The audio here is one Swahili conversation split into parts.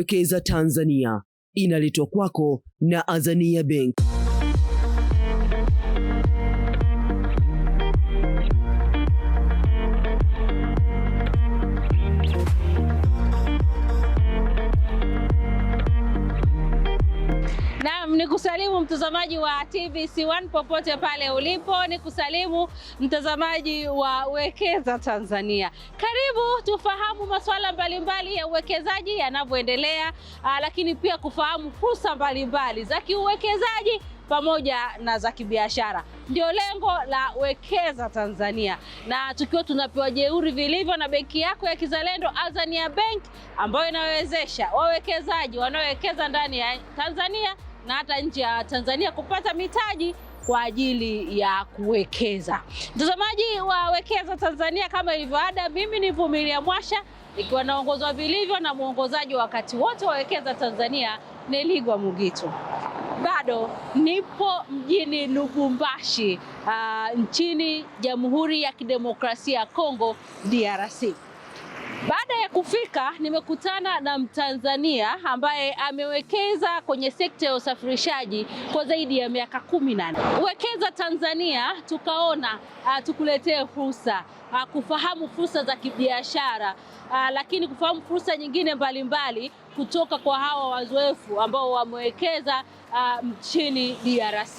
Wekeza Tanzania inaletwa kwako na Azania Bank. ni kusalimu mtazamaji wa TBC1 popote pale ulipo, ni kusalimu mtazamaji wa Wekeza Tanzania. Karibu tufahamu masuala mbalimbali ya uwekezaji yanavyoendelea, ah, lakini pia kufahamu fursa mbalimbali za kiuwekezaji pamoja na za kibiashara, ndio lengo la Wekeza Tanzania, na tukiwa tunapewa jeuri vilivyo na benki yako ya kizalendo Azania Bank, ambayo inawezesha wawekezaji wanaowekeza ndani ya Tanzania na hata nje ya Tanzania kupata mitaji kwa ajili ya kuwekeza. Mtazamaji wa Wekeza Tanzania, kama ilivyo ada, mimi ni Vumilia Mwasha ikiwa naongozwa vilivyo na mwongozaji wa wakati wote wa Wekeza Tanzania Neligwa Mugitu. Bado nipo mjini Lubumbashi, uh, nchini Jamhuri ya Kidemokrasia ya Kongo DRC. Baada ya kufika nimekutana na Mtanzania ambaye amewekeza kwenye sekta ya usafirishaji kwa zaidi ya miaka kumi na nne. Wekeza Tanzania tukaona uh, tukuletee fursa uh, kufahamu fursa za kibiashara uh, lakini kufahamu fursa nyingine mbalimbali mbali kutoka kwa hawa wazoefu ambao wamewekeza uh, mchini DRC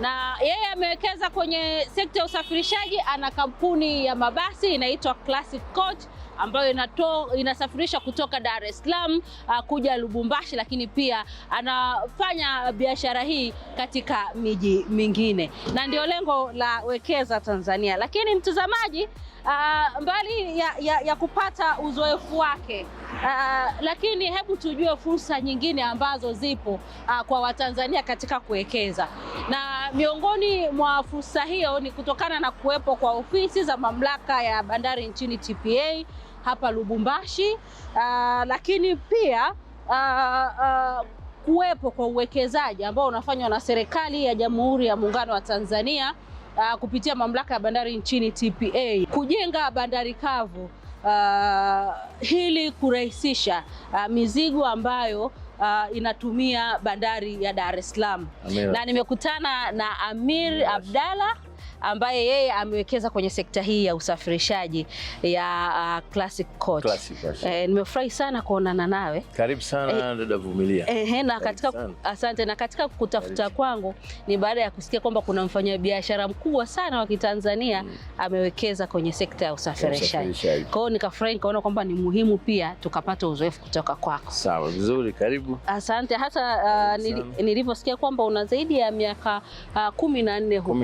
na yeye amewekeza kwenye sekta ya usafirishaji. Ana kampuni ya mabasi inaitwa Classic Coach ambayo inato, inasafirisha kutoka Dar es Salaam ah, kuja Lubumbashi, lakini pia anafanya biashara hii katika miji mingine, na ndio lengo la Wekeza Tanzania. Lakini mtazamaji, Uh, mbali ya, ya, ya kupata uzoefu wake uh, lakini hebu tujue fursa nyingine ambazo zipo uh, kwa Watanzania katika kuwekeza, na miongoni mwa fursa hiyo ni kutokana na kuwepo kwa ofisi za mamlaka ya bandari nchini TPA hapa Lubumbashi uh, lakini pia uh, uh, kuwepo kwa uwekezaji ambao unafanywa na serikali ya Jamhuri ya Muungano wa Tanzania uh, kupitia mamlaka ya bandari nchini TPA kujenga bandari kavu uh, hili kurahisisha uh, mizigo ambayo Uh, inatumia bandari ya Dar es Salaam na nimekutana na Amir Abdalla ambaye yeye amewekeza kwenye sekta hii ya usafirishaji ya uh, Classic Coach. Classic Coach. Eh, nimefurahi sana kuonana nawe. Karibu sana eh, dada Vumilia. Eh, na katika asante na katika kutafuta kwangu ni baada ya kusikia kwamba kuna mfanyabiashara mkubwa sana wa Kitanzania mm. amewekeza kwenye sekta ya usafirishaji. Kwa hiyo nikafurahi nikaona kwamba ni muhimu pia tukapata uzoefu kutoka kwako. Sawa, vizuri, karibu. Asante. Hata uh, nilivyosikia kwamba una zaidi ya miaka uh, kumi na nne huko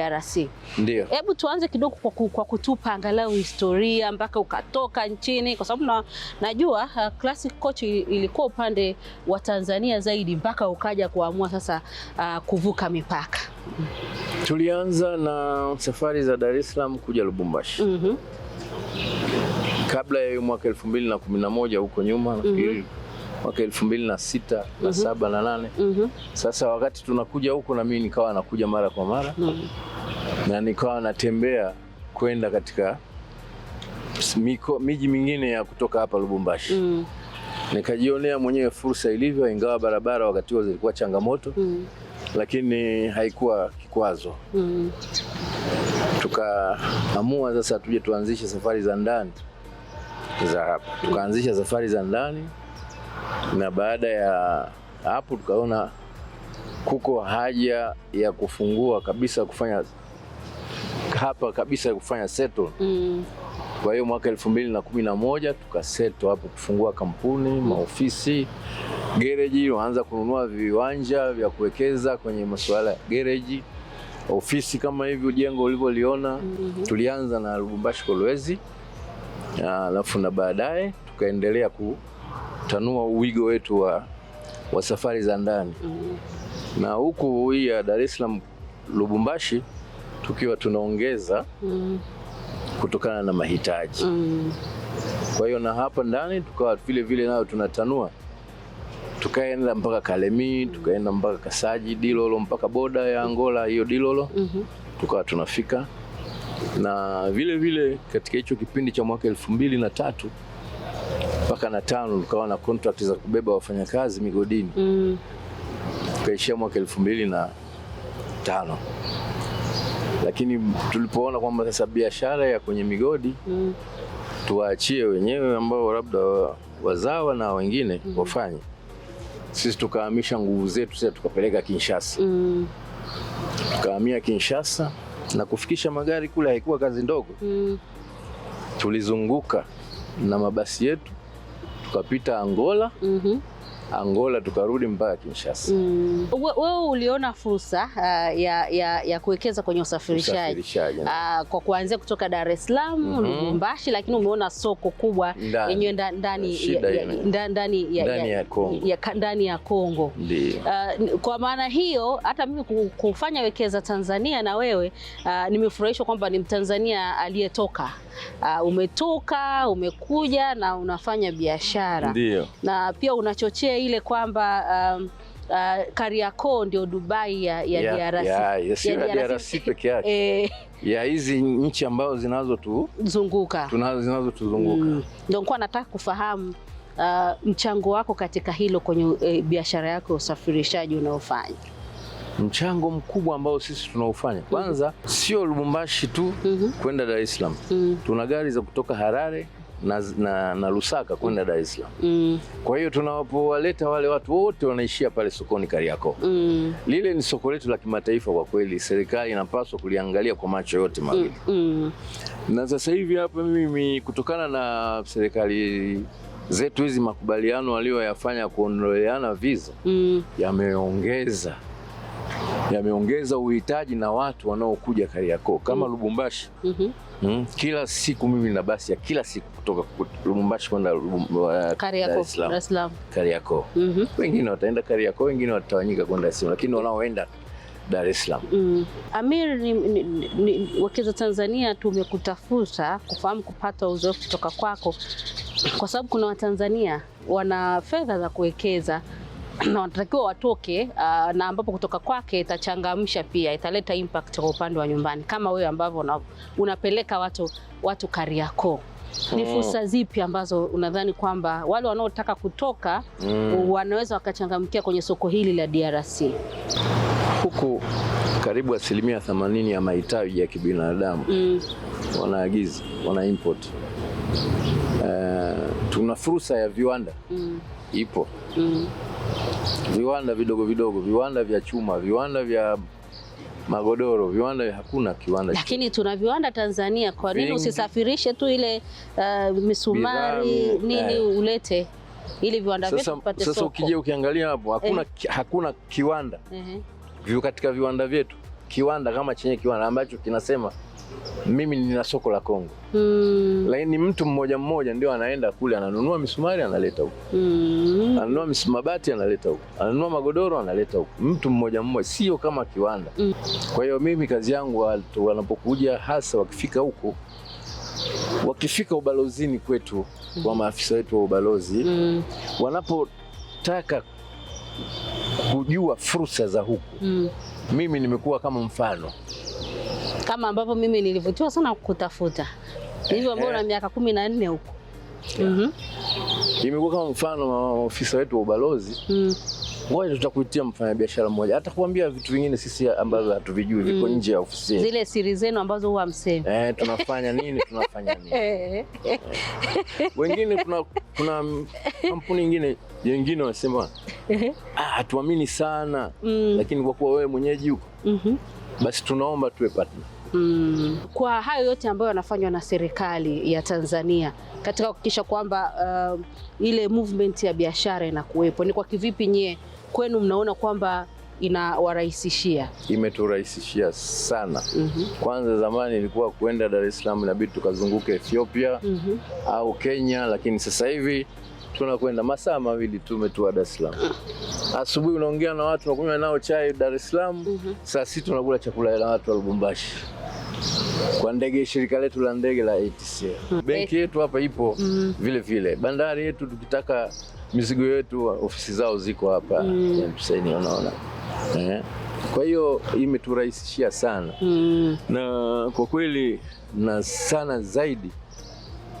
DRC. Ndio. Hebu tuanze kidogo kwa, kwa kutupa angalau historia mpaka ukatoka nchini, kwa sababu na, najua uh, classic coach ilikuwa upande wa Tanzania zaidi mpaka ukaja kuamua sasa uh, kuvuka mipaka. Tulianza na safari za Dar es Salaam kuja Lubumbashi. mm -hmm. Kabla ya mwaka elfu mbili na kumi huko nyuma nafikiri mm -hmm mwaka elfu mbili na sita mm -hmm. na mhm. saba na nane mm -hmm. Sasa wakati tunakuja huko, na mimi nikawa nakuja mara kwa mara mm -hmm. na nikawa natembea kwenda katika miko, miji mingine ya kutoka hapa Lubumbashi mm -hmm. nikajionea mwenyewe fursa ilivyo, ingawa barabara wakati huo zilikuwa changamoto mm -hmm. lakini haikuwa kikwazo mm tukaamua sasa tuje tuanzishe safari za ndani za hapa, tukaanzisha safari za ndani na baada ya hapo tukaona kuko haja ya kufungua kabisa kufanya hapa kabisa kufanya seto mm. Kwa hiyo mwaka elfu mbili na kumi na moja tukaseto hapo kufungua kampuni, mm. maofisi, gereji, waanza kununua viwanja vya kuwekeza kwenye masuala ya gereji, ofisi kama hivi jengo ulivyoliona. mm -hmm. Tulianza na Lubumbashi Kolwezi, ah, alafu na baadaye tukaendelea ku kutanua uwigo wetu wa, wa safari za ndani mm. na huku hii ya Dar es Salaam Lubumbashi tukiwa tunaongeza mm. kutokana na mahitaji mm. kwa hiyo na hapa ndani tukawa vile vile nayo tunatanua tukaenda mpaka Kalemi tukaenda mpaka Kasaji Dilolo mpaka boda ya Angola hiyo Dilolo mm -hmm. tukawa tunafika na vile vile katika hicho kipindi cha mwaka elfu mbili na tatu mpaka na tano tukawa na contract za kubeba wafanyakazi migodini mm. Tukaishia mwaka elfu mbili na tano lakini tulipoona kwamba sasa biashara ya kwenye migodi mm. tuwaachie wenyewe ambao labda wazawa na wengine mm. wafanye, sisi tukahamisha nguvu zetu sasa tukapeleka Kinshasa mm. tukahamia Kinshasa na kufikisha magari kule haikuwa kazi ndogo mm. tulizunguka na mabasi yetu tukapita Angola mm -hmm. Angola tukarudi mpaka Kinshasa. Mm. Wewe uliona fursa uh, ya, ya, ya kuwekeza kwenye usafirishaji uh, kwa kuanzia kutoka Dar es Salaam mm -hmm. Lakini umeona soko kubwa yenyewe ndani ya, ya, ya, ya Kongo, ya, ndani ya Kongo. Uh, kwa maana hiyo hata mimi kufanya wekeza Tanzania na wewe uh, nimefurahishwa kwamba ni Mtanzania aliyetoka uh, umetoka umekuja na unafanya biashara na pia unachochea ile kwamba um, uh, Kariakoo ndio Dubai ya, ya, yeah, DRC. Yeah, yes, ya DRC, eh. peke yake eh, ya hizi nchi ambazo zinazotuzunguka tunazo zinazotuzunguka mm. Ndio nilikuwa nataka kufahamu uh, mchango wako katika hilo kwenye eh, biashara yako ya usafirishaji unaofanya mchango mkubwa ambao sisi tunaofanya kwanza, mm -hmm. sio Lubumbashi tu mm -hmm. kwenda Dar es Salaam mm -hmm. tuna gari za kutoka Harare na, na, na Lusaka kwenda Dar es Salaam mm. Kwa hiyo tunapowaleta wale watu wote wanaishia pale sokoni Kariakoo mm. Lile ni soko letu la kimataifa kwa kweli, serikali inapaswa kuliangalia kwa macho yote mawili mm. Mm. Na sasa hivi hapa mimi kutokana na serikali zetu hizi makubaliano aliyoyafanya kuondoleana visa mm. yameongeza yameongeza uhitaji na watu wanaokuja Kariakoo kama mm. Lubumbashi mm -hmm. mm, kila siku mimi na basi ya kila siku kutoka Lubumbashi kwenda uh, Dar es Salaam Kariakoo. Mm-hmm. Wengine wataenda Kariakoo, wengine watatawanyika kwenda Dar es Salaam, lakini wanaoenda Dar es Salaam. Mm. Amir, ni, ni, ni, Wakeza Tanzania tumekutafuta kufahamu kupata uzoefu kutoka kwako kwa sababu kuna Watanzania wana fedha za kuwekeza wanatakiwa watoke uh, na ambapo kutoka kwake itachangamsha pia, italeta impact kwa upande wa nyumbani, kama wewe ambavyo una, unapeleka watu, watu Kariakoo Mm. Ni hmm. fursa zipi ambazo unadhani kwamba wale wanaotaka kutoka mm. wanaweza wakachangamkia kwenye soko hili la DRC? Huku karibu asilimia themanini ya mahitaji ya kibinadamu mm. wanaagiza, wana import. Uh, tuna fursa ya viwanda mm ipo mm. Viwanda vidogo vidogo, viwanda vya chuma, viwanda vya magodoro, viwanda hakuna kiwanda. Lakini tuna viwanda Tanzania, kwa nini usisafirishe tu ile uh, misumari Bidami, mm, nini eh, ulete ili viwanda vyetu vipate soko. Sasa ukija ukiangalia hapo hakuna, eh, hakuna kiwanda eh, katika viwanda vyetu kiwanda kama chenye kiwanda ambacho kinasema mimi nina soko la Kongo mm. Lakini mtu mmoja mmoja ndio anaenda kule ananunua misumari analeta huko mm. Ananunua mabati analeta huko, ananunua magodoro analeta huko, mtu mmoja mmoja, sio kama kiwanda mm. Kwa hiyo mimi kazi yangu watu wanapokuja, hasa wakifika huko, wakifika ubalozini kwetu mm. kwa maafisa wetu wa ubalozi mm. wanapotaka kujua fursa za huku mm. Mimi nimekuwa kama mfano kama ambavyo mimi nilivutiwa sana kukutafuta hivyo ambao na eh. miaka kumi na nne huko mm Imekuwa kama mfano wa ofisa wetu wa ubalozi mm. Ngoja tutakuitia mfanyabiashara mmoja atakuambia vitu vingine sisi ambavyo hatuvijui viko mm. nje ya ofisi, zile siri zenu ambazo huwa msemi. Eh, tunafanya nini tunafanya nini eh. Wengine kuna kuna kampuni nyingine wengine wanasema eh. ah, hatuamini sana mm. lakini kwa kuwa wewe mwenyeji huko mm -hmm. basi tunaomba tuwe partner Mm. Kwa hayo yote ambayo yanafanywa na serikali ya Tanzania katika kuhakikisha kwamba uh, ile movement ya biashara inakuwepo, ni kwa kivipi nyie kwenu mnaona kwamba inawarahisishia? Imeturahisishia sana. mm -hmm. Kwanza zamani ilikuwa kuenda Dar es Salaam inabidi tukazunguke Ethiopia mm -hmm. au Kenya, lakini sasa hivi tunakwenda masaa mawili tu umetua Dar es Salaam. Mm. Asubuhi unaongea na watu unakunywa nao chai Dar es Salaam. mm -hmm. Saa sita tunakula chakula na watu wa Lubumbashi kwa ndege, shirika letu la ndege la ATCL. Hmm. Benki yetu hapa ipo mm. vile vile bandari yetu, tukitaka mizigo yetu ofisi zao ziko hapa mm. Mseni, yaani unaona eh. Kwa hiyo imeturahisishia sana mm. na kwa kweli na sana zaidi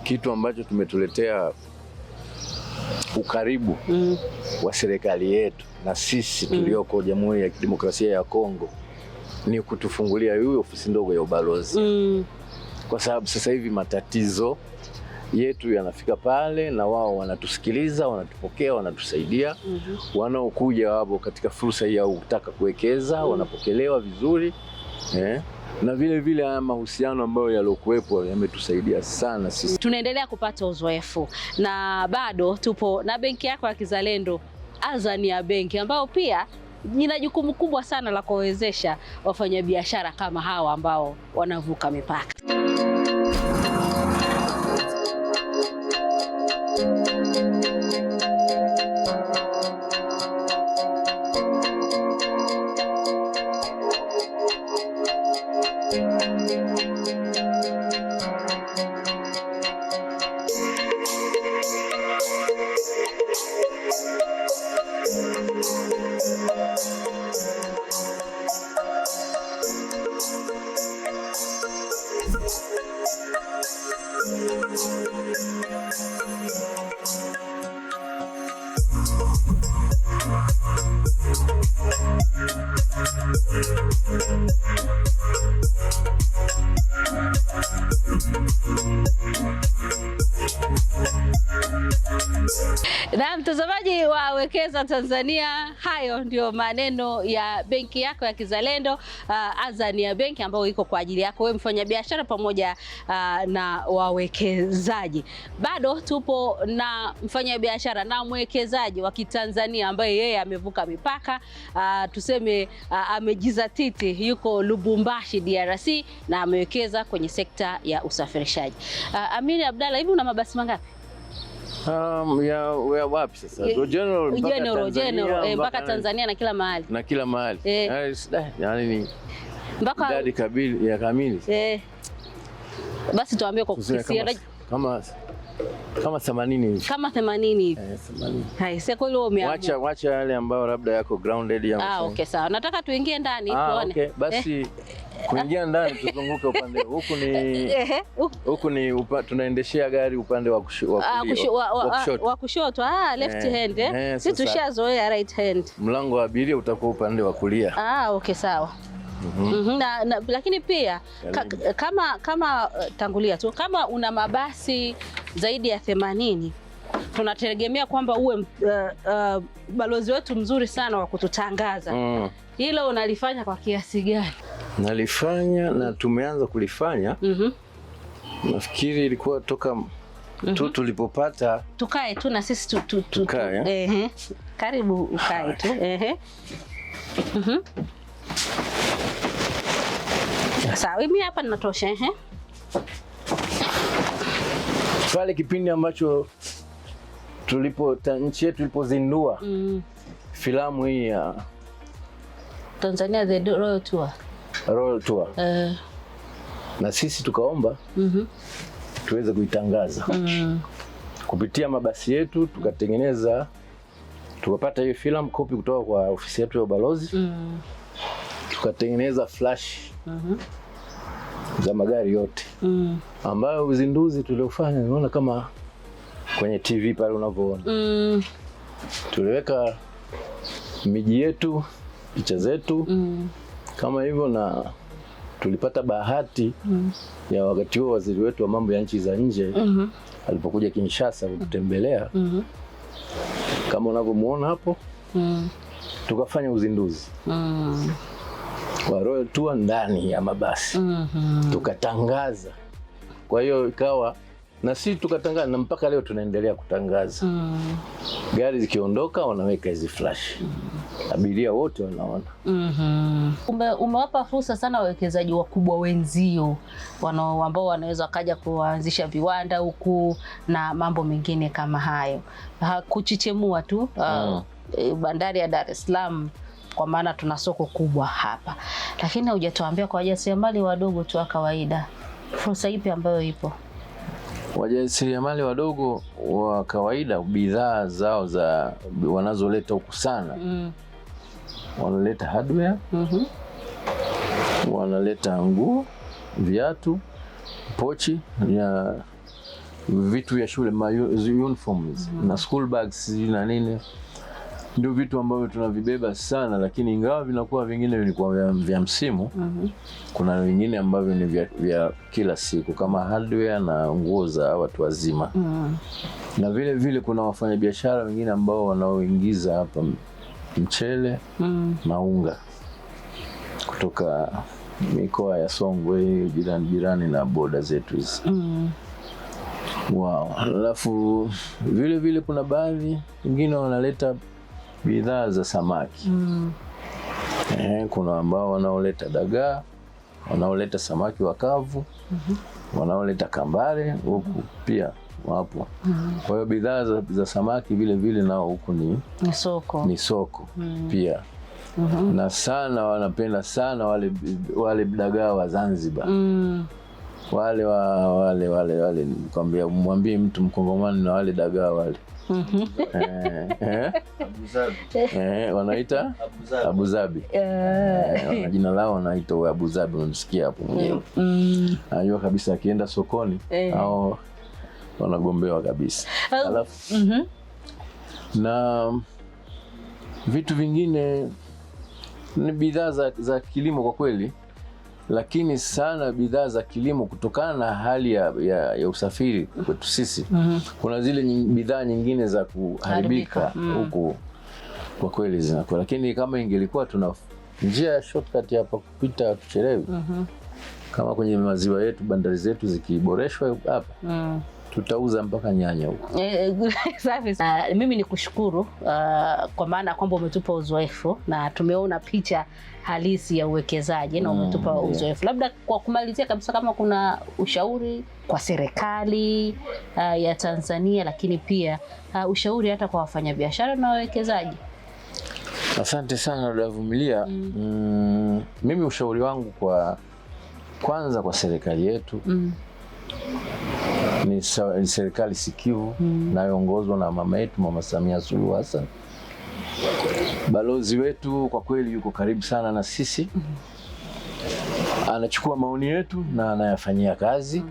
kitu ambacho tumetuletea ukaribu mm. wa serikali yetu na sisi hmm. tulioko mm. Jamhuri ya Kidemokrasia ya Kongo ni kutufungulia hii ofisi ndogo ya ubalozi mm. Kwa sababu sasa hivi matatizo yetu yanafika pale na wao wanatusikiliza, wanatupokea, wanatusaidia mm -hmm. Wanaokuja wapo katika fursa hii ya kutaka kuwekeza mm. Wanapokelewa vizuri eh? na vile vile haya mahusiano ambayo yaliokuwepo yametusaidia sana sisi. Tunaendelea kupata uzoefu na bado tupo na benki yako ya Kizalendo Azania Benki ambayo pia nina jukumu kubwa sana la kuwawezesha wafanyabiashara kama hawa ambao wanavuka mipaka. Na mtazamaji wa Wekeza Tanzania, hayo ndio maneno ya benki yako ya kizalendo uh, Azania Benki ambayo iko kwa ajili yako wewe mfanyabiashara pamoja uh, na wawekezaji. Bado tupo na mfanyabiashara na mwekezaji wa Kitanzania ambaye yeye amevuka mipaka uh, tuseme uh, amejizatiti, yuko Lubumbashi DRC na amewekeza kwenye sekta ya usafirishaji. Uh, Amiri Abdalla, hivi una mabasi mangapi? Um, ya, ya wapi sasa? General, general, mpaka general, Tanzania, eh, mpaka Tanzania na kila mahali na kila mahali eh. Eh, eh. Yani ni mpaka idadi kabili ya kamili eh. Basi tuambie kwa kama kama 80 hivi. Kama 80 hivi. Eh, 80. Hai, sasa kweli wewe umeamua. Wacha wacha yale ambayo labda yako grounded ya Ah, okay sawa. Nataka tuingie ndani ah, tuone. Okay, basi eh, kuingia ndani tuzunguke upande huku ni eh, eh, uh. huku ni upa, tunaendeshea gari upande wa ah, kushoto wa kushoto. Ah, left eh, hand eh. Sisi tushazoea right hand. Mlango wa abiria utakuwa upande wa kulia. Ah, okay sawa. Mm -hmm. Na, na, lakini pia yaani ka, kama kama eh, tangulia tu kama una mabasi zaidi ya themanini tunategemea kwamba uwe uh, uh, balozi wetu mzuri sana wa kututangaza mm. Hilo unalifanya kwa kiasi gani? Nalifanya na tumeanza kulifanya mm -hmm. Nafikiri ilikuwa toka mm -hmm. tu mhm. tulipopata, tukae tu na sisi tu, tu, tu, tukae, eh, karibu ukae tu eh. mm -hmm. Sawa, mimi hapa ninatosha ehe. Pale kipindi ambacho tulipo nchi yetu ilipozindua mm. filamu hii ya Tanzania the Royal Tour. Royal Tour. Uh. Na sisi tukaomba mm -hmm. tuweze kuitangaza mm. kupitia mabasi yetu tukatengeneza tukapata hiyo filamu kopi kutoka kwa ofisi yetu ya ubalozi mm tukatengeneza flash uh -huh. za magari yote mm. ambayo uzinduzi tuliofanya unaona kama kwenye TV pale unavyoona mm. tuliweka miji yetu picha zetu mm. kama hivyo na tulipata bahati mm. ya wakati huo waziri wetu wa mambo ya nchi za nje mm -hmm. alipokuja Kinshasa kututembelea mm -hmm. kama unavyomuona hapo mm. tukafanya uzinduzi mm wa Royal Tour ndani ya mabasi mm -hmm. Tukatangaza, kwa hiyo ikawa na sisi tukatangaza na mpaka leo tunaendelea kutangaza mm. Gari zikiondoka wanaweka hizi flash mm. Abiria wote wanaona mm -hmm. Ume, umewapa fursa sana wawekezaji wakubwa wenzio wanao ambao wanaweza wakaja kuanzisha viwanda huku na mambo mengine kama hayo, hakuchichemua tu ah, mm. uh, bandari ya Dar es Salaam kwa maana tuna soko kubwa hapa, lakini hujatuambia kwa wajasiriamali wadogo tu wa kawaida, fursa ipi ambayo ipo? Wajasiriamali wadogo wa kawaida, bidhaa zao za wanazoleta huku sana mm. wanaleta hardware mm -hmm. wanaleta nguo, viatu, pochi ya vitu vya shule, uniforms mm -hmm. na school bags na nini ndio vitu ambavyo tunavibeba sana, lakini ingawa vinakuwa vingine kwa vya, vya msimu mm -hmm. Kuna vingine ambavyo ni vya, vya kila siku kama hardware na nguo za watu wazima mm -hmm. Na vile vile kuna wafanyabiashara wengine ambao wanaoingiza hapa mchele mm -hmm. na unga kutoka mikoa ya Songwe jirani jirani na boda zetu hizi mm -hmm. Wow. Alafu vile vile kuna baadhi wengine wanaleta bidhaa za samaki mm. Eh, kuna ambao wanaoleta dagaa, wanaoleta samaki wakavu mm -hmm. wanaoleta kambale huku mm -hmm. pia wapo mm -hmm. kwa hiyo bidhaa za, za samaki vile vile nao huku ni, ni soko, ni soko mm -hmm. pia mm -hmm. na sana wanapenda sana wale, wale dagaa wa Zanzibar mm -hmm wale wa wale wale wale nikwambia, mwambie mtu mkongomani na wale dagaa wale mm-hmm. eh, eh, eh, wanaita Abuzabi, jina lao wanaita Abuzabi, unanisikia hapo mwenyewe. Mm-hmm. Najua kabisa akienda sokoni au wanagombewa kabisa, alafu mm-hmm. na vitu vingine ni bidhaa za, za kilimo kwa kweli lakini sana bidhaa za kilimo kutokana na hali ya, ya, ya usafiri kwetu sisi mm -hmm. kuna zile bidhaa nyingine za kuharibika mm. huku mm kwa kweli zinakuwa, lakini kama ingelikuwa tuna njia ya shortcut hapa kupita Tucherewi mm -hmm. kama kwenye maziwa yetu bandari zetu zikiboreshwa hapa mm tutauza mpaka nyanya huko. Eh, eh, Safi ah, Mimi ni kushukuru uh, kwa maana kwamba umetupa uzoefu na tumeona picha halisi ya uwekezaji na mm, umetupa mm, uzoefu. Labda kwa kumalizia kabisa, kama kuna ushauri kwa serikali uh, ya Tanzania, lakini pia uh, ushauri hata kwa wafanyabiashara na wawekezaji. Asante sana Vumilia. mm. Mm, mimi ushauri wangu kwa kwanza kwa serikali yetu mm. ni serikali sikivu mm. inayoongozwa mm. na mama yetu Mama Samia Suluhu Hassan Balozi wetu kwa kweli yuko karibu sana na sisi, anachukua maoni yetu na anayafanyia kazi.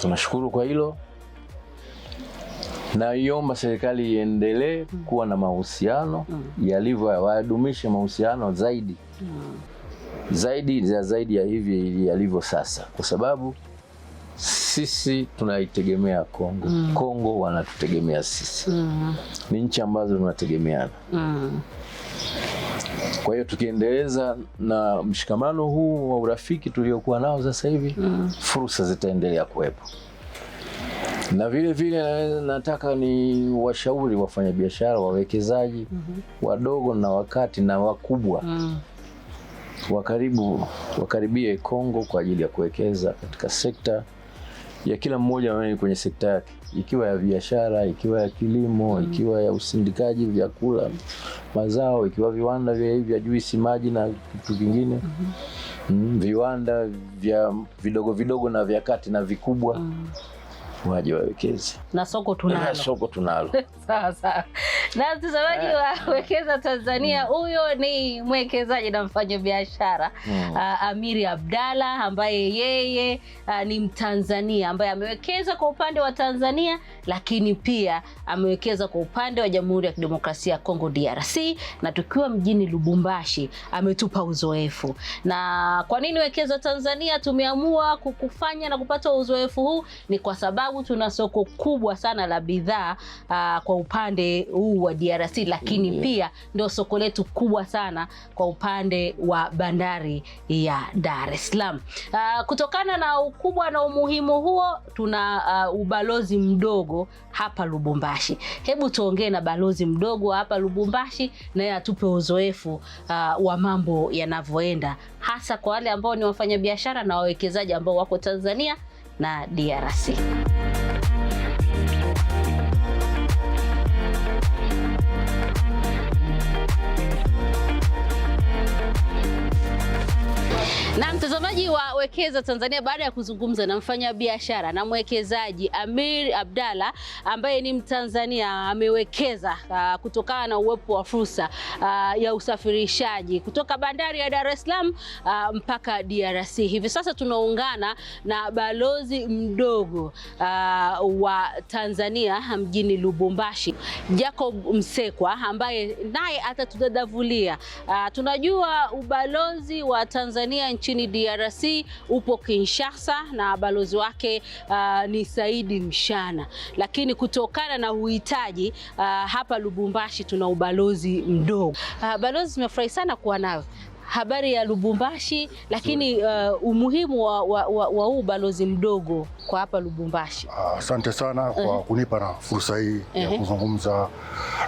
Tunashukuru kwa hilo. Naiomba serikali iendelee kuwa na mahusiano yalivyo, wadumishe mahusiano zaidi zaidi za zaidi ya hivi yalivyo sasa, kwa sababu sisi tunaitegemea Kongo mm. Kongo wanatutegemea sisi mm. Ni nchi ambazo tunategemeana mm. Kwa hiyo tukiendeleza na mshikamano huu wa urafiki tuliokuwa nao sasa hivi mm. fursa zitaendelea kuwepo, na vile vile nataka ni washauri wafanyabiashara, wawekezaji mm -hmm. wadogo na wakati na wakubwa mm. wakaribu wakaribie Kongo kwa ajili ya kuwekeza katika sekta ya kila mmoja kwenye sekta yake, ikiwa ya biashara, ikiwa ya kilimo, mm. ikiwa ya usindikaji vyakula, mazao, ikiwa viwanda vya vya juisi, maji na kitu kingine mm -hmm. mm, viwanda vya vidogo vidogo na vya kati na vikubwa mm. waje wawekeze na soko tunalo, soko tunalo. Sawa sawa. Na mtazamaji eh. wa Wekeza Tanzania, mm. huyo ni mwekezaji na mfanyabiashara mm. uh, ah, Amiri Abdalla ambaye yeye uh, ni Mtanzania ambaye amewekeza kwa upande wa Tanzania, lakini pia amewekeza kwa upande wa Jamhuri ya Kidemokrasia ya Kongo DRC, na tukiwa mjini Lubumbashi ametupa uzoefu. Na kwa nini Wekeza Tanzania tumeamua kukufanya na kupata uzoefu huu ni kwa sababu tuna soko kubwa kubwa sana la bidhaa uh, kwa upande huu wa DRC, lakini mm -hmm. pia ndio soko letu kubwa sana kwa upande wa bandari ya Dar es Salaam. Uh, kutokana na ukubwa na umuhimu huo, tuna uh, ubalozi mdogo hapa Lubumbashi. Hebu tuongee na balozi mdogo hapa Lubumbashi, naye atupe uzoefu uh, wa mambo yanavyoenda, hasa kwa wale ambao ni wafanyabiashara na wawekezaji ambao wako Tanzania na DRC. Na mtazamaji wa Wekeza Tanzania, baada ya kuzungumza na mfanyabiashara na mwekezaji Amir Abdalla ambaye ni Mtanzania, amewekeza uh, kutokana na uwepo wa fursa uh, ya usafirishaji kutoka bandari ya Dar es Salaam uh, mpaka DRC. Hivi sasa tunaungana na balozi mdogo uh, wa Tanzania mjini Lubumbashi, Jacob Msekwa ambaye naye atatudadavulia. Uh, tunajua ubalozi wa Tanzania nchini DRC upo Kinshasa na balozi wake uh, ni Saidi Mshana, lakini kutokana na uhitaji uh, hapa Lubumbashi tuna ubalozi mdogo. Uh, balozi, tumefurahi sana kuwa nawe habari ya Lubumbashi, lakini uh, umuhimu wa, wa, wa, wa balozi mdogo kwa hapa Lubumbashi. Ah, asante uh, sana kwa uh eh. -huh. kunipa na fursa hii uh -huh. ya eh. kuzungumza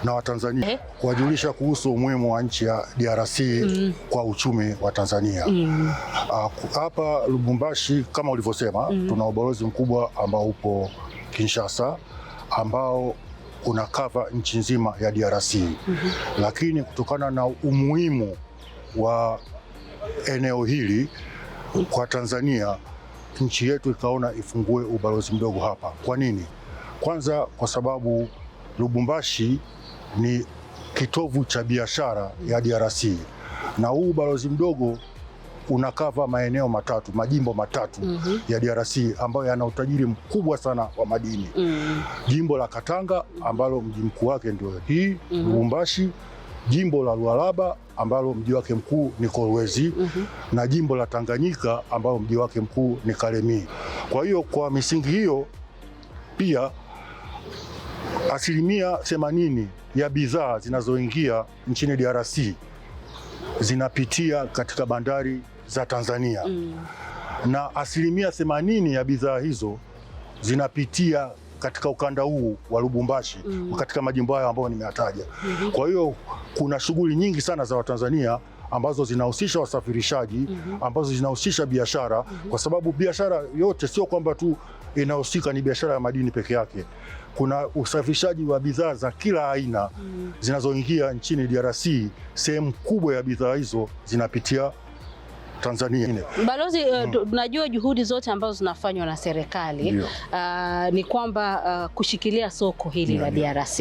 na Watanzania uh eh. -huh. kuwajulisha kuhusu umuhimu wa nchi ya DRC uh mm. -huh. kwa uchumi wa Tanzania uh -huh. uh, hapa Lubumbashi kama ulivyosema uh mm. -huh. tuna ubalozi mkubwa ambao upo Kinshasa ambao unakava nchi nzima ya DRC uh mm-hmm. -huh. Lakini kutokana na umuhimu wa eneo hili kwa Tanzania, nchi yetu ikaona ifungue ubalozi mdogo hapa. Kwa nini? Kwanza kwa sababu Lubumbashi ni kitovu cha biashara ya DRC na huu ubalozi mdogo unakava maeneo matatu, majimbo matatu mm -hmm. ya DRC ambayo yana utajiri mkubwa sana wa madini mm -hmm. jimbo la Katanga ambalo mji mkuu wake ndio hii mhm. Lubumbashi mm -hmm jimbo la Lualaba ambalo mji wake mkuu ni Kolwezi mm -hmm. na jimbo la Tanganyika ambalo mji wake mkuu ni Kalemie. Kwa hiyo kwa misingi hiyo pia asilimia themanini ya bidhaa zinazoingia nchini DRC zinapitia katika bandari za Tanzania mm. na asilimia themanini ya bidhaa hizo zinapitia katika ukanda huu wa Lubumbashi mm. katika majimbo hayo ambayo nimeyataja mm -hmm. kwa hiyo kuna shughuli nyingi sana za Watanzania ambazo zinahusisha wasafirishaji mm -hmm. ambazo zinahusisha biashara mm -hmm. kwa sababu biashara yote sio kwamba tu inahusika ni biashara ya madini peke yake. Kuna usafirishaji wa bidhaa za kila aina mm -hmm. zinazoingia nchini DRC. Sehemu kubwa ya bidhaa hizo zinapitia Tanzania. Balozi, tunajua uh, mm. juhudi zote ambazo zinafanywa na serikali uh, ni kwamba uh, kushikilia soko hili la DRC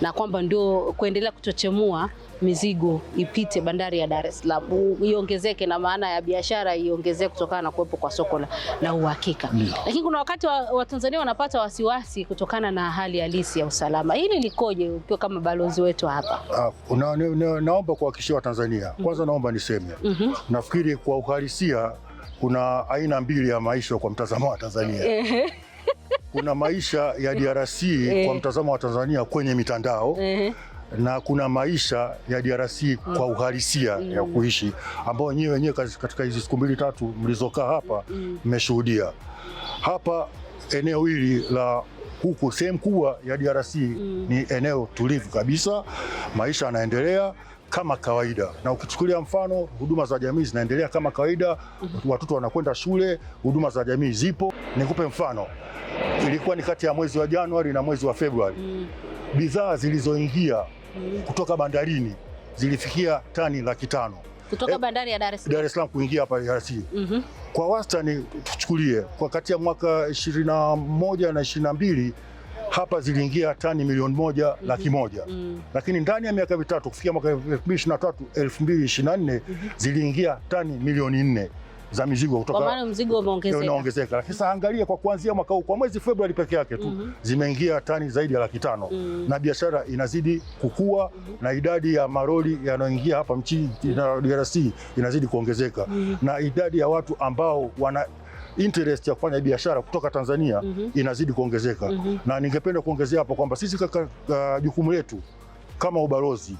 na kwamba ndio kuendelea kuchochemua mizigo ipite bandari ya Dar es Salaam iongezeke, na maana ya biashara iongezeke kutokana na kuwepo kwa soko la uhakika yeah. Lakini kuna wakati Watanzania wa wanapata wasiwasi kutokana na hali halisi ya usalama. Hili likoje ukiwa kama balozi wetu hapa? Uh, na, na, na, naomba kuhakikishia Watanzania mhm. kwanza, mm -hmm. naomba niseme mm -hmm. nafikiri kwa uhalisia kuna aina mbili ya maisha kwa mtazamo wa Tanzania eh. kuna maisha ya DRC kwa eh. mtazamo wa Tanzania kwenye mitandao eh na kuna maisha ya DRC kwa mm. uhalisia mm. ya kuishi ambao nyewe wenyewe katika hizi siku mbili tatu mlizokaa hapa mm. mmeshuhudia mm. hapa eneo hili la huku sehemu kubwa ya DRC mm. ni eneo tulivu kabisa, maisha yanaendelea kama kawaida, na ukichukulia mfano huduma za jamii zinaendelea kama kawaida mm -hmm. watoto wanakwenda shule, huduma za jamii zipo. Nikupe mfano, ilikuwa ni kati ya mwezi wa Januari na mwezi wa Februari mm. bidhaa zilizoingia mm. kutoka bandarini zilifikia tani laki tano kutoka eh, bandari ya Dar es Salaam, Dar es Salaam kuingia hapa DRC mm -hmm. Kwa wastani tuchukulie kwa kati ya mwaka 21 na 22 hapa ziliingia tani milioni moja mm -hmm. laki moja mm -hmm. Lakini ndani ya miaka mitatu kufikia mwaka 2023 2024 mm -hmm. ziliingia tani milioni nne za mizigo kutoka, kwa maana mzigo umeongezeka, unaongezeka. Sasa angalia kwa kuanzia mwaka huu kwa mwezi Februari peke yake tu mm -hmm. zimeingia tani zaidi ya laki tano mm -hmm. na biashara inazidi kukua mm -hmm. na idadi ya maroli yanayoingia hapa mchini mm -hmm. DRC inazidi kuongezeka mm -hmm. na idadi ya watu ambao wana interest ya kufanya biashara kutoka Tanzania mm -hmm. inazidi kuongezeka mm -hmm. na ningependa kuongezea hapo kwamba sisi uh, jukumu letu kama ubalozi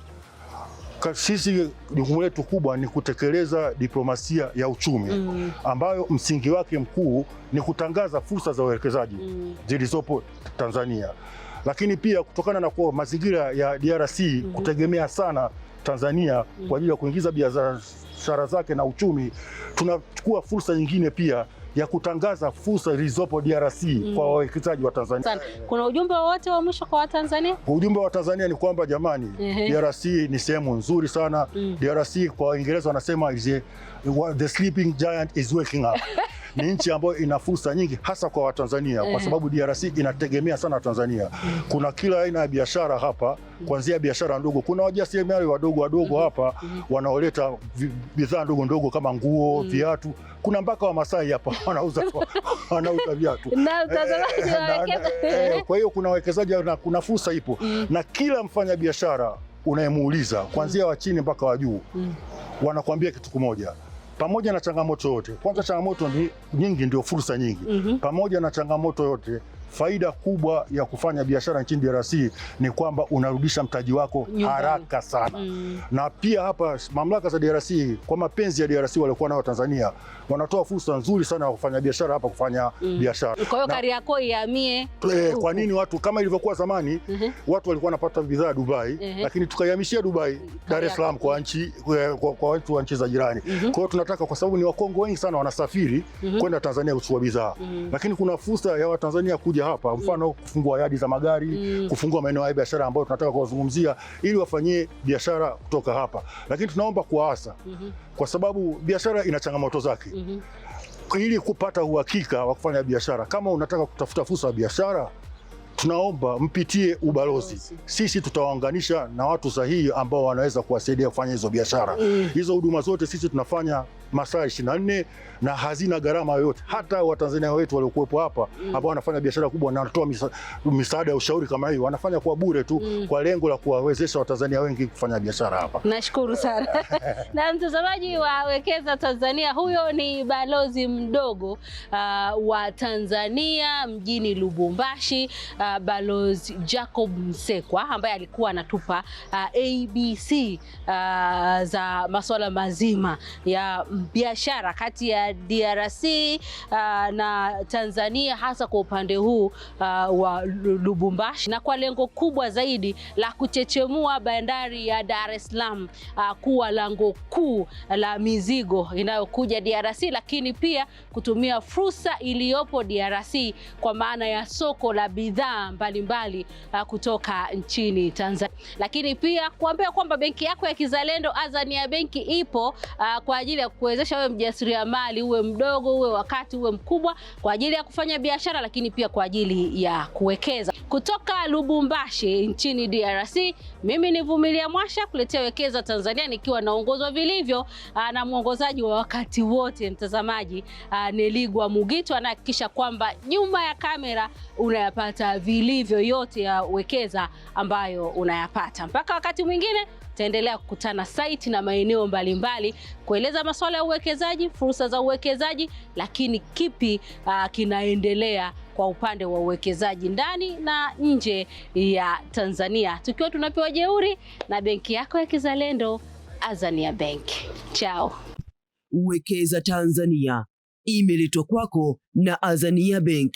sisi jukumu letu kubwa ni kutekeleza diplomasia ya uchumi mm. ambayo msingi wake mkuu ni kutangaza fursa za uwekezaji mm. zilizopo Tanzania, lakini pia kutokana na kuwa mazingira ya DRC mm -hmm. kutegemea sana Tanzania mm. kwa ajili ya kuingiza biashara zake na uchumi, tunachukua fursa nyingine pia ya kutangaza fursa zilizopo DRC mm. kwa wawekezaji wa Tanzania. Sana. Kuna ujumbe wowote wa mwisho kwa Watanzania? Ujumbe wa Tanzania ni kwamba jamani, mm -hmm. DRC ni sehemu nzuri sana mm. DRC kwa Waingereza wanasema the sleeping giant is waking up ni nchi ambayo ina fursa nyingi hasa kwa Watanzania kwa eh. sababu DRC inategemea sana Tanzania. Kuna kila aina ya biashara hapa, kuanzia biashara ndogo. Kuna wajasiriamali wadogo wadogo mm-hmm. hapa mm-hmm. wanaoleta bidhaa ndogo ndogo kama nguo, mm. viatu. Kuna mpaka Wamasai hapa wanauza wanauza viatu. Eh, eh, kwa hiyo kuna wawekezaji na kuna fursa ipo, mm. na kila mfanyabiashara unayemuuliza kuanzia mm. wa chini mpaka wa juu wanakuambia kitu kimoja pamoja na changamoto yote, kwanza changamoto ni nyingi, ndio fursa nyingi mm -hmm. Pamoja na changamoto yote, faida kubwa ya kufanya biashara nchini DRC ni kwamba unarudisha mtaji wako Nyumbani. haraka sana mm. Na pia hapa mamlaka za DRC kwa mapenzi ya DRC waliokuwa nao Tanzania wanatoa fursa nzuri sana ya kufanya biashara hapa kufanya mm. biashara. Kwa hiyo Kariakoo ihamie. eh, Kwa nini watu kama ilivyokuwa zamani mm -hmm. watu walikuwa wanapata bidhaa Dubai mm -hmm. lakini tukaihamishia Dubai mm, Dar es Salaam eh, kwa nchi kwa, kwa watu wa nchi za jirani mm -hmm. kwa hiyo tunataka, kwa sababu ni Wakongo wengi sana wanasafiri mm -hmm. kwenda Tanzania kuchukua bidhaa mm -hmm. lakini kuna fursa ya Watanzania kuja hapa, mm. mfano mm -hmm. kufungua yadi za magari mm -hmm. kufungua maeneo ya biashara ambayo tunataka kuwazungumzia ili wafanyie biashara kutoka hapa, lakini tunaomba kuwaasa mm -hmm kwa sababu biashara ina changamoto zake mm -hmm. Ili kupata uhakika wa kufanya biashara, kama unataka kutafuta fursa ya biashara, tunaomba mpitie ubalozi. Sisi tutawaunganisha na watu sahihi ambao wanaweza kuwasaidia kufanya hizo biashara mm. Hizo huduma zote sisi tunafanya masaa 24 na hazina gharama yoyote. Hata Watanzania wetu waliokuwepo hapa mm. ambao wanafanya biashara kubwa na wanatoa misaada ya ushauri kama hiyo, wanafanya kwa bure tu mm. kwa lengo la kuwawezesha Watanzania wengi kufanya biashara hapa. Nashukuru sana na mtazamaji wa Wekeza Tanzania, huyo ni balozi mdogo uh, wa Tanzania mjini Lubumbashi uh, balozi Jacob Msekwa ambaye alikuwa anatupa uh, ABC uh, za masuala mazima ya biashara kati ya DRC uh, na Tanzania hasa kwa upande huu uh, wa Lubumbashi na kwa lengo kubwa zaidi la kuchechemua bandari ya Dar es Salaam uh, kuwa lango kuu la mizigo inayokuja DRC, lakini pia kutumia fursa iliyopo DRC kwa maana ya soko la bidhaa mbalimbali uh, kutoka nchini Tanzania, lakini pia kuambia kwamba benki yako ya Kizalendo Azania Benki ipo uh, kwa ajili ya kukuwezesha wewe mjasiriamali, uwe mdogo, uwe wakati, uwe mkubwa, kwa ajili ya kufanya biashara, lakini pia kwa ajili ya kuwekeza. Kutoka Lubumbashi nchini DRC, mimi ni Vumilia Mwasha kuletea Wekeza Tanzania, nikiwa naongozwa vilivyo ah, na mwongozaji wa wakati wote mtazamaji ah, Neligwa mugito anahakikisha kwamba nyuma ya kamera unayapata vilivyo yote ya Wekeza ambayo unayapata. Mpaka wakati mwingine. Tutaendelea kukutana site na maeneo mbalimbali kueleza masuala ya uwekezaji, fursa za uwekezaji, lakini kipi uh, kinaendelea kwa upande wa uwekezaji ndani na nje ya Tanzania, tukiwa tunapewa jeuri na benki yako ya kizalendo Azania Bank. Chao. Uwekeza Tanzania imeletwa kwako na Azania Bank.